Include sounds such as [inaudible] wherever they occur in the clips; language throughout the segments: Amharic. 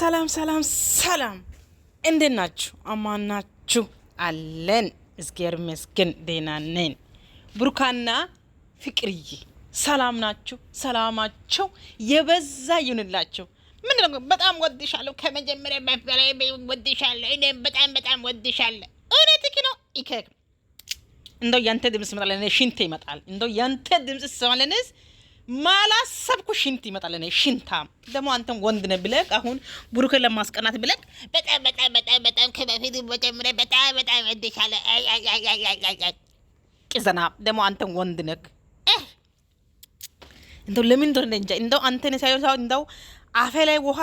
ሰላም ሰላም ሰላም፣ ሰላም፣ እንዴት ናችሁ? አማናችሁ አለን። እግዜር ይመስገን ደህና ነን። ብሩካና ፍቅርዬ ሰላም ናችሁ? ሰላማቸው የበዛ ይሁንላችሁ። ምንድን ነው በጣም ወድሻለሁ፣ ከመጀመሪያ በላይ ወድሻለሁ፣ እኔም በጣም በጣም ወድሻለሁ። እውነትህ ነው። ይከክ እንደው ያንተ ድምፅ ይመጣል፣ ሽንቴ ይመጣል። እንደው ያንተ ድምፅ ይሰማለንስ ማላሰብኩ ሽንት ይመጣል። እኔ ሽንታም ደግሞ አንተም ወንድ ነህ ብለህ አሁን ብሩክን ለማስቀናት ብለህ በጣም በጣም በጣም በጣም ከበፊት ጀምረ በጣም በጣም እድሻለ ቅዘና ደግሞ አንተም ወንድ ነህ። እንደው ለምን እንደሆነ እንጃ። እንደው አንተን ሳይሆን ሰው እንደው አፌ ላይ ውሃ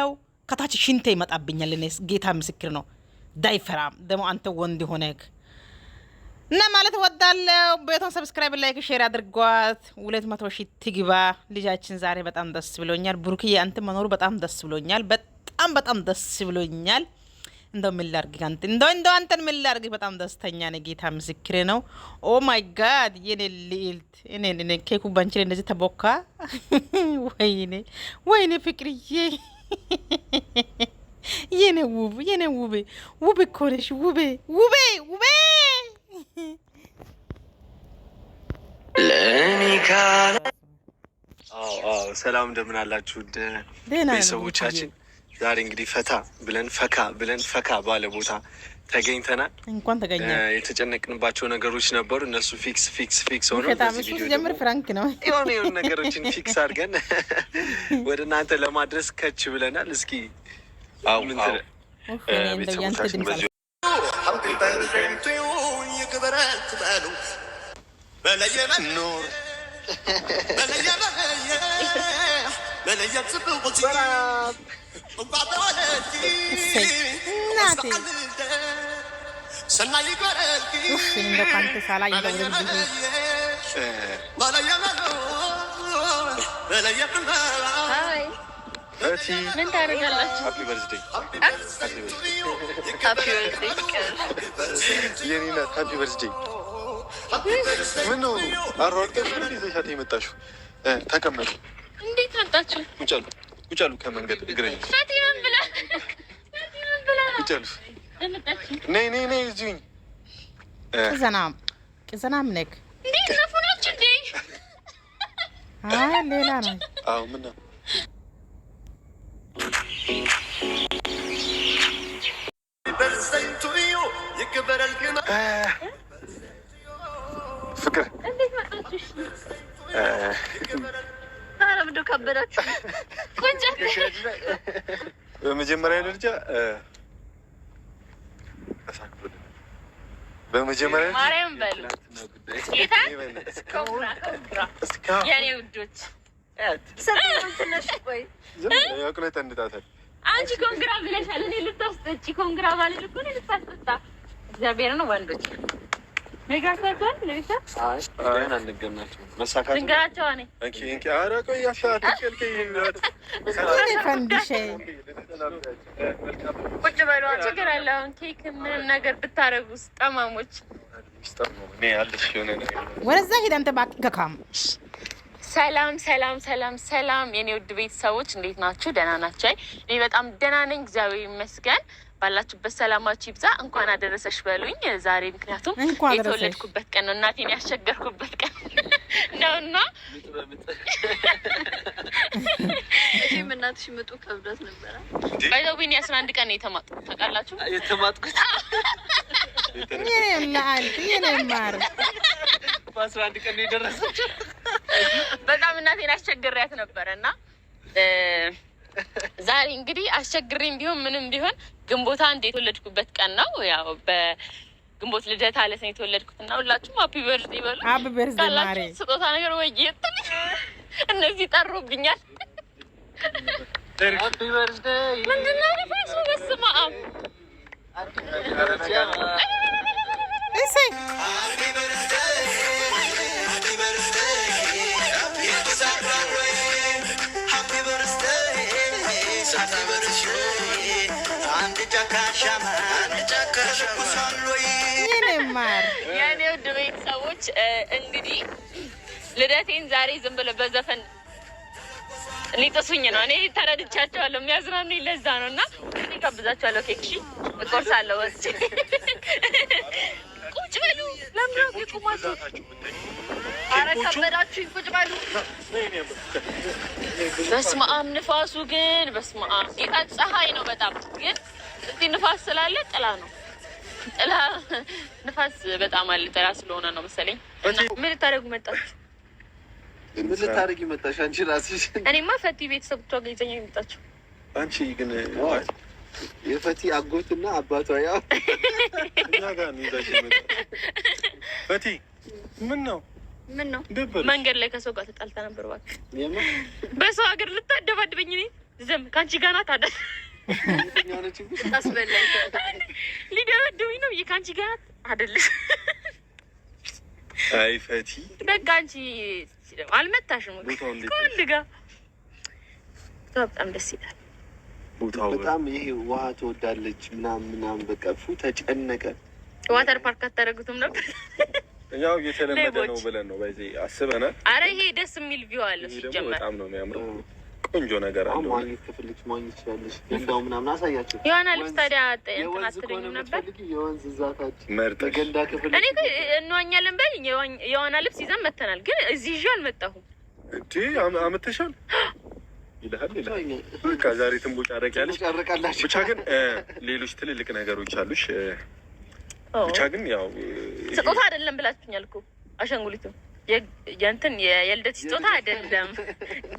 ነው ከታች ሽንቴ ይመጣብኛል። እኔ ጌታ ምስክር ነው። ዳይፈራም ደግሞ አንተ ወንድ ሆነህ እና ማለት ወዳለው ቤቷን ሰብስክራይብ፣ ላይክ፣ ሼር አድርጓት። ሁለት መቶ ሺህ ትግባ ልጃችን። ዛሬ በጣም ደስ ብሎኛል። ብሩክዬ አንተ መኖሩ በጣም ደስ ብሎኛል። በጣም በጣም ደስ ብሎኛል። እንደው ምን ላርግ አንተ እንደው እንደው አንተን ምን ላርግ? በጣም ደስተኛ ነኝ። ጌታ ምስክሬ ነው። ኦ ማይ ጋድ የኔ ልዕልት፣ እኔ እኔ ኬኩ ባንቺ ላይ እንደዚህ ተቦካ። ወይኔ ወይኔ ፍቅርዬ፣ የኔ ውብ የኔ ውብ ውብ እኮ ነሽ ውብ ውብ ውቤ ሰላም እንደምን አላችሁ ቤተሰቦቻችን? ዛሬ እንግዲህ ፈታ ብለን ፈካ ብለን ፈካ ባለ ቦታ ተገኝተናል። እንኳን ተገኘ። የተጨነቅንባቸው ነገሮች ነበሩ። እነሱ ፊክስ ፊክስ ፊክስ ሆነ። ጀምር ፍራንክ ነው የሆነ የሆኑ ነገሮችን [laughs] ፊክስ አድርገን [laughs] ወደ እናንተ ለማድረስ ከች ብለናል። እስኪ ቤተሰቦቻችን በዚ በለየነ ኑር በለየ በለየ በለየ ጽብቁት እንኳተዋለቲ ሰናይ ገረልቲ በለየ መኖር በለየ ብመራ ምን ታደርጋላችሁ? ሀፒ በርዝዴ ምነው አሯርጠሽ ምን ይዘሻት የመጣሽው? ተቀመጡ። እንዴት መጣችሁ? ቁጭ አሉ፣ ቁጭ አሉ። ከመንገድ እግረኝ ቁጭ አሉ። ነይ ነይ ነይ፣ እዚሁኝ። ቅዘናም ቅዘናም ነክ እንዴ ዘፉናችሁ እንዴ? አይ ሌላ ነው። አዎ ናችሁ። በመጀመሪያ ደረጃ በመጀመሪያ ማርያም በሉ የኔ ውዶች አንቺ ኮንግራ ብለሻል። እኔ ልታስጠጪ ኮንግራ ባልል እኮ እኔ ልታስጠጣ እግዚአብሔርን ወንዶች ቁጭ ወደዛ ሂድ አንተ ባክካም ሰላም ሰላም ሰላም ሰላም፣ የኔ ውድ ቤተሰቦች እንዴት ናችሁ? ደህና ናቸው። እኔ በጣም ደህና ነኝ፣ እግዚአብሔር ይመስገን። ባላችሁበት ሰላማችሁ ይብዛ። እንኳን አደረሰሽ በሉኝ ዛሬ ምክንያቱም የተወለድኩበት ቀን ነው፣ እናቴን ያስቸገርኩበት ቀን ነው እና እም እናትሽ ምጡ ከብዳት ነበረ። ቢኒ አስራ አንድ ቀን የተማጡ ታውቃላችሁ፣ የተማጥኩት ማር በአስራ አንድ ቀን የደረሰችው በጣም እናቴን አስቸግሪያት ነበረ እና ዛሬ እንግዲህ አስቸግሬም ቢሆን ምንም ቢሆን ግንቦት አንድ የተወለድኩበት ቀን ነው። ያው በግንቦት ልደት አለት ነው የተወለድኩት እና ሁላችሁም ሀፒ በርዝ ይበሉ። ካላችሁ ስጦታ ነገር ወይ የትን እነዚህ ጠሩብኛል። ምንድን ነው ንፋሱ? በስመ አብ የኔ ውድ ቤተሰቦች እንግዲህ ልደቴን ዛሬ ዝም ብለው በዘፈን ሊጥሱኝ ነው። እኔ ተረድቻቸዋለሁ። የሚያዝናኑኝ ለዛ ነው እና እጋብዛቸዋለሁ። ኬክ እሺ፣ እቆርሳለሁ ወስጄ ቁጭ በሉ። ለምራው የቁማችሁ አረ ከበዳችሁኝ፣ ቁጭ በሉ። በስመ አብ ንፋሱ ግን በስመ አብ ጌታ ፀሐይ ነው በጣም ግን እዚህ ንፋስ ስላለ ጥላ ነው። ጥላ ንፋስ በጣም አለ። ጥላ ስለሆነ ነው መሰለኝ። ምን ልታደርጉ መጣችሁ? ምን ልታደርጊ መጣሽ አንቺ ራስሽ? እኔማ ፈቲ ቤተሰቦቿ ጋር ይዘኛ የመጣችሁ አንቺ ግን የፈቲ አጎትና አባቷ ያው እኛ ጋር ይዛሽ ፈቲ ምን ነው ምን ነው መንገድ ላይ ከሰው ጋር ተጣልታ ነበር። እባክህ በሰው ሀገር ልታደባድበኝ እኔ ዝም ከአንቺ ጋር ናት ታደ ሊደበደቡኝ ነው። ከአንቺ ጋር አይደለም። አይ ፈቲ በቃ አንቺ አልመታሽም ከወንድ ጋር በጣም ደስ ይላል። በጣም ይሄ ውሃ ትወዳለች ምናምን ምናምን በቃ እሱ ተጨነቀ። ዋተር ፓርክ አታደርጉትም ነበር? ያው እየተለመደ ነው ብለን ነው አስበናል። አረ ይሄ ደስ የሚል ቪው አለ። በጣም ነው የሚያምረው ቆንጆ ነገር አለ። ማግኘት ከፈለግሽ ማግኘት ትችላለሽ። ገንዳው ምናምን አሳያቸው ልብስ ታዲያ እንትን አትለኝም ነበር? የወንዝ ዛታች ገንዳ ክፍል እኔ እንዋኛለን በል የዋና ልብስ ይዘን መተናል። ግን እዚህ ይዤ አልመጣሁም። አመተሻል አምተሻል [gasps] ይልሃል ይልሃል። በቃ ዛሬ ትንቦጫረቂያለሽ። ብቻ ግን ሌሎች ትልልቅ ነገሮች አሉሽ። ብቻ ግን ያው ስጦታ አይደለም ብላችሁኛል እኮ አሻንጉሊቱም የእንትን የልደት ስጦታ አይደለም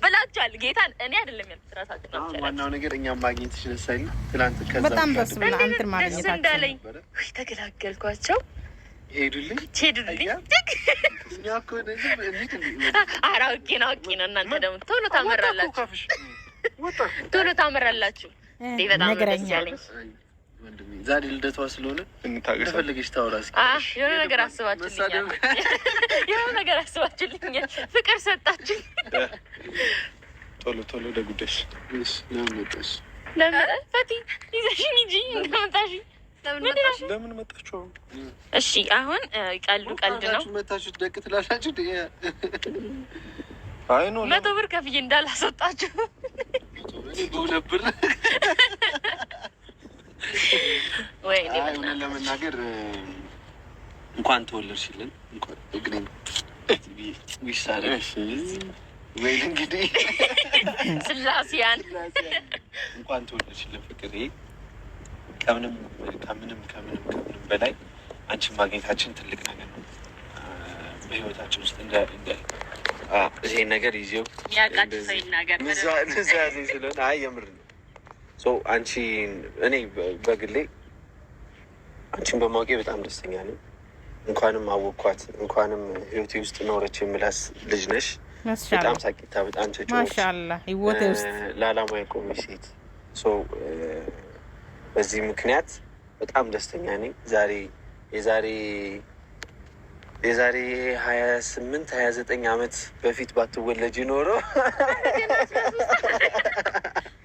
ብላችኋል። ጌታን እኔ አይደለም ያልኩት እራሳችሁ ናችሁ። ዋናው ነገር እኛም ማግኘት ይችላል። ትናንት በጣም ደስ እንዳለኝ ተገላገልኳቸው። ሄዱልኝ ሄዱልኝ። ነው እናንተ ደግሞ ቶሎ ታመራላችሁ፣ ቶሎ ታመራላችሁ። ደስ ያለኝ ዛሬ ልደቷ ስለሆነ እንደፈለገች ታውራ። የሆነ ነገር አስባችሁልኛል፣ [laughs] የሆነ ነገር አስባችሁልኛል። ፍቅር ሰጣችሁ። ቶሎ ቶሎ ደጉደሽ ለምን መጣሽ? ፈቲ ይዘሽኝ እንጂ እንደመጣሽ ለምን መጣችሁ? እሺ አሁን ቀልዱ ቀልድ ነው። መታችሁ ደቅ ትላላችሁ። አይ ነው መቶ ብር ከፍዬ እንዳላስወጣችሁ እውነት ለመናገር እንኳን ተወለድሽልን እንኳን ዊሳረሽ ወይ እንግዲህ ስላሴያን እንኳን ተወለድሽልን ፍቅር ከምንም ከምንም ከምንም ከምንም በላይ አንቺን ማግኘታችን ትልቅ ነገር ነው። በህይወታችን ውስጥ እንደ እንደ ይሄ ነገር ይዜው ስለሆነ አይ የምር ነው አንቺ እኔ በግሌ አንቺን በማወቄ በጣም ደስተኛ ነኝ። እንኳንም አወቅኳት፣ እንኳንም ህይወቴ ውስጥ ኖረች የምላስ ልጅ ነሽ። በጣም ሳቂታ፣ በጣም ለዓላማ የቆመች ሴት። በዚህ ምክንያት በጣም ደስተኛ ነኝ። ዛሬ የዛሬ የዛሬ ሀያ ስምንት ሀያ ዘጠኝ አመት በፊት ባትወለጅ ኖሮ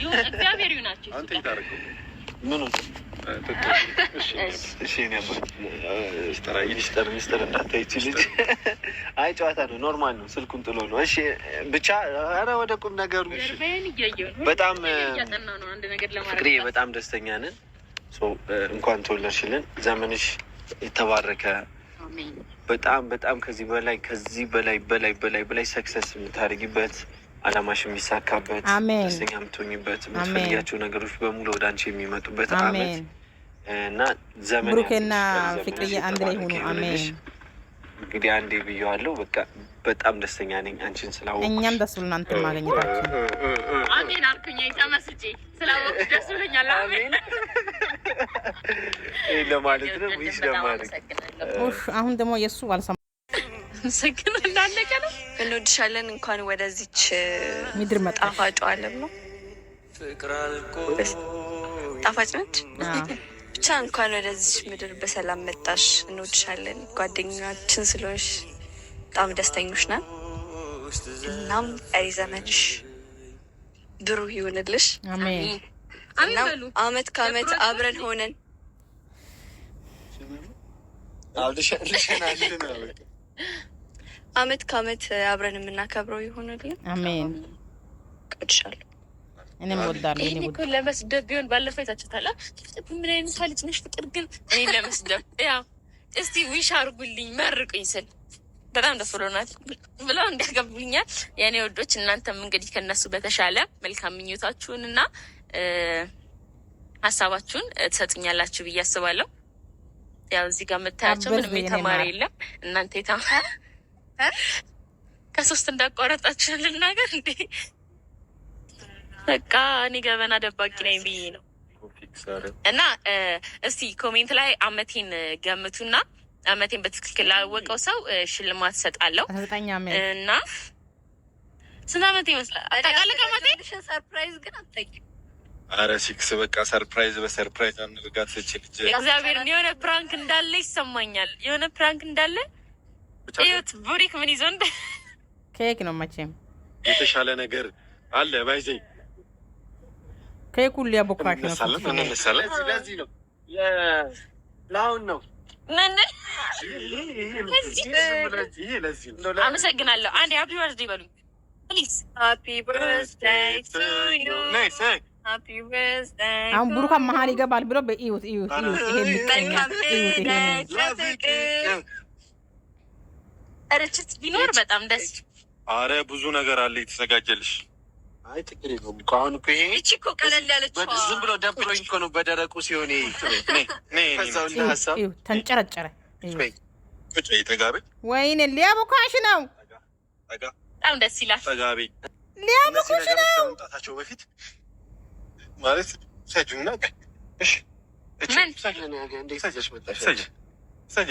ይሁን እግዚአብሔር ይሁናችሁ። አንተ ይታረቀው ምኑ አይ ጨዋታ ነው፣ ኖርማል ነው። ስልኩን ጥሎ ነው። እሺ ብቻ ኧረ ወደ ቁም ነገሩ። በጣም ፍቅርዬ በጣም ደስተኛ ነን። እንኳን ተወለድሽልን። ዘመንሽ የተባረከ በጣም በጣም ከዚህ በላይ ከዚህ በላይ በላይ በላይ በላይ ሰክሰስ የምታደርጊበት አላማሽ የሚሳካበት ደስተኛ የምትሆኝበት የምትፈልጊያቸው ነገሮች በሙሉ ወደ አንቺ የሚመጡበት አመት እና ዘመን ብሩኬና ፍቅርዬ አንድ ላይ ሆኑ። አሜን። እንግዲህ አንዴ ብየዋለሁ። በቃ በጣም ደስተኛ ነኝ አንቺን ስላወቅኩ። እኛም ደስ ብሎናል አንተን ማግኘታችን። አሜን አልኩኝ ተመስጬ ስላወቅኩ ደስ ብሎኛል። አሜን ለማለት ነው ይሽ ለማለት አሁን ደግሞ የእሱ አልሰማ ስግን እንዳለቀ ነው እንወድሻለን። እንኳን ወደዚች ምድር መጣ። ጣፋጭ አለም ነው። ጣፋጭ ነች። ብቻ እንኳን ወደዚች ምድር በሰላም መጣሽ። እንወድሻለን። ጓደኛችን ስለሆንሽ በጣም ደስተኞች ነን። እናም ቀሪ ዘመንሽ ብሩህ ይሆንልሽ። አመት ከአመት አብረን ሆነን አመት ከአመት አብረን የምናከብረው ይሆንልን። አሜን። ቀድሻለሁ። እኔም ወዳለሁ። ይሄን እኮ ለመስደብ ቢሆን ባለፈው የታችታለ ምን አይነት ልጅ ነሽ? ፍቅር ግን እኔ ለመስደብ ያ እስቲ ዊሽ አርጉልኝ መርቁኝ ስል በጣም ደስ ብሎናል ብለው እንዲያገቡኛል የእኔ ወዶች እናንተም እንግዲህ ከነሱ በተሻለ መልካም ምኞታችሁን እና ሀሳባችሁን ትሰጡኛላችሁ ብዬ አስባለሁ። ያው እዚህ ጋር የምታያቸው ምንም የተማሪ የለም እናንተ የተማረ ከሶስት እንዳቋረጣችን ልናገር እንዴ? በቃ እኔ ገበና ደባቂ ነኝ ብዬ ነው። እና እስቲ ኮሜንት ላይ አመቴን ገምቱና አመቴን በትክክል ላወቀው ሰው ሽልማት ሰጣለው። እና ስንት አመት ይመስላል? አጠቃለቀ መቴ ሰርፕራይዝ ግን አታውቂም። አረ ሲክስ በቃ ሰርፕራይዝ በሰርፕራይዝ አንርጋት እግዚአብሔር የሆነ ፕራንክ እንዳለ ይሰማኛል። የሆነ ፕራንክ እንዳለ እዩት፣ ቡሪክ ምን ይዞ እንደ ኬክ ነው መቼም የተሻለ ነገር አለ ባይዘኝ ኬክ ሁሉ ያቦካሽ ነው። ስለዚህ ነው ለአሁን ነው። አመሰግናለሁ። አንድ ሀፒ በርዝዴ በሉኝ ፕሊዝ። አሁን ቡሩካ መሀል ይገባል ብሎ ይሄ እዩት እዩት ይሄ ርችት ቢኖር በጣም ደስ አረ ብዙ ነገር አለ የተዘጋጀልሽ። አይ እኮ ይሄ እኮ ቀለል ያለች ዝም ብሎ ደብሮኝ እኮ ነው በደረቁ ሲሆን ይሄ ተንጨረጨረ። ወይኔ ሊያቦካሽ ነው። በጣም ደስ ይላል። ሊያቦካሽ ነው። በፊት ማለት ሰጁና ሰጅ ሰጅ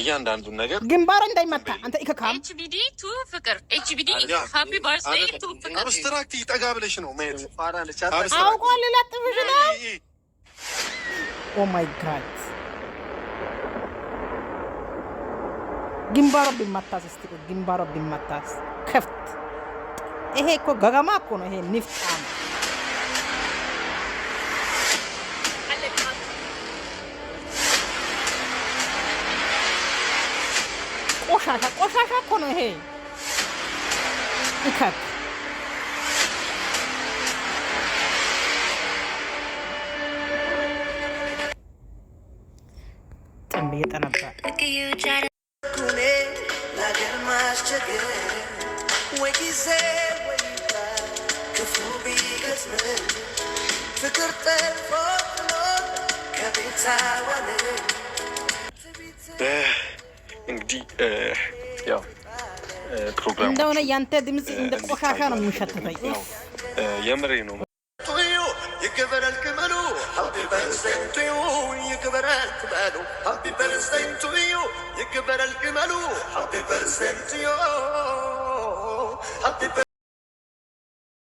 እያንዳንዱን ነገር ግንባር እንዳይመታ አንተ ኢከካም ኤችቢዲ ቱ ፍቅር ኤችቢዲ ሀፒ በርዝዴይ ቱ ፍቅር አብስትራክት ይጠጋ ብለሽ ነው ማየት አውቆ ልለጥፍሽ ነው። ኦ ማይ ጋድ ግንባሮ ቢመታስ እስቲ ግንባሮ ቢመታስ ከፍት ይሄ እኮ ገገማ እኮ ነው። ይሄ ንፍጣ ነው። ቆሻሻ ቆሻሻ እኮ ነው ይሄ እከክ ጥንብ እየጠነባ ፍቅር እንግዲህ ያው ፕሮግራም እንደሆነ ያንተ ድምጽ እንደ ቆሻሻ ነው የሚሸተተኝ። የምሬ ነው። ይገበረል ቅመሉ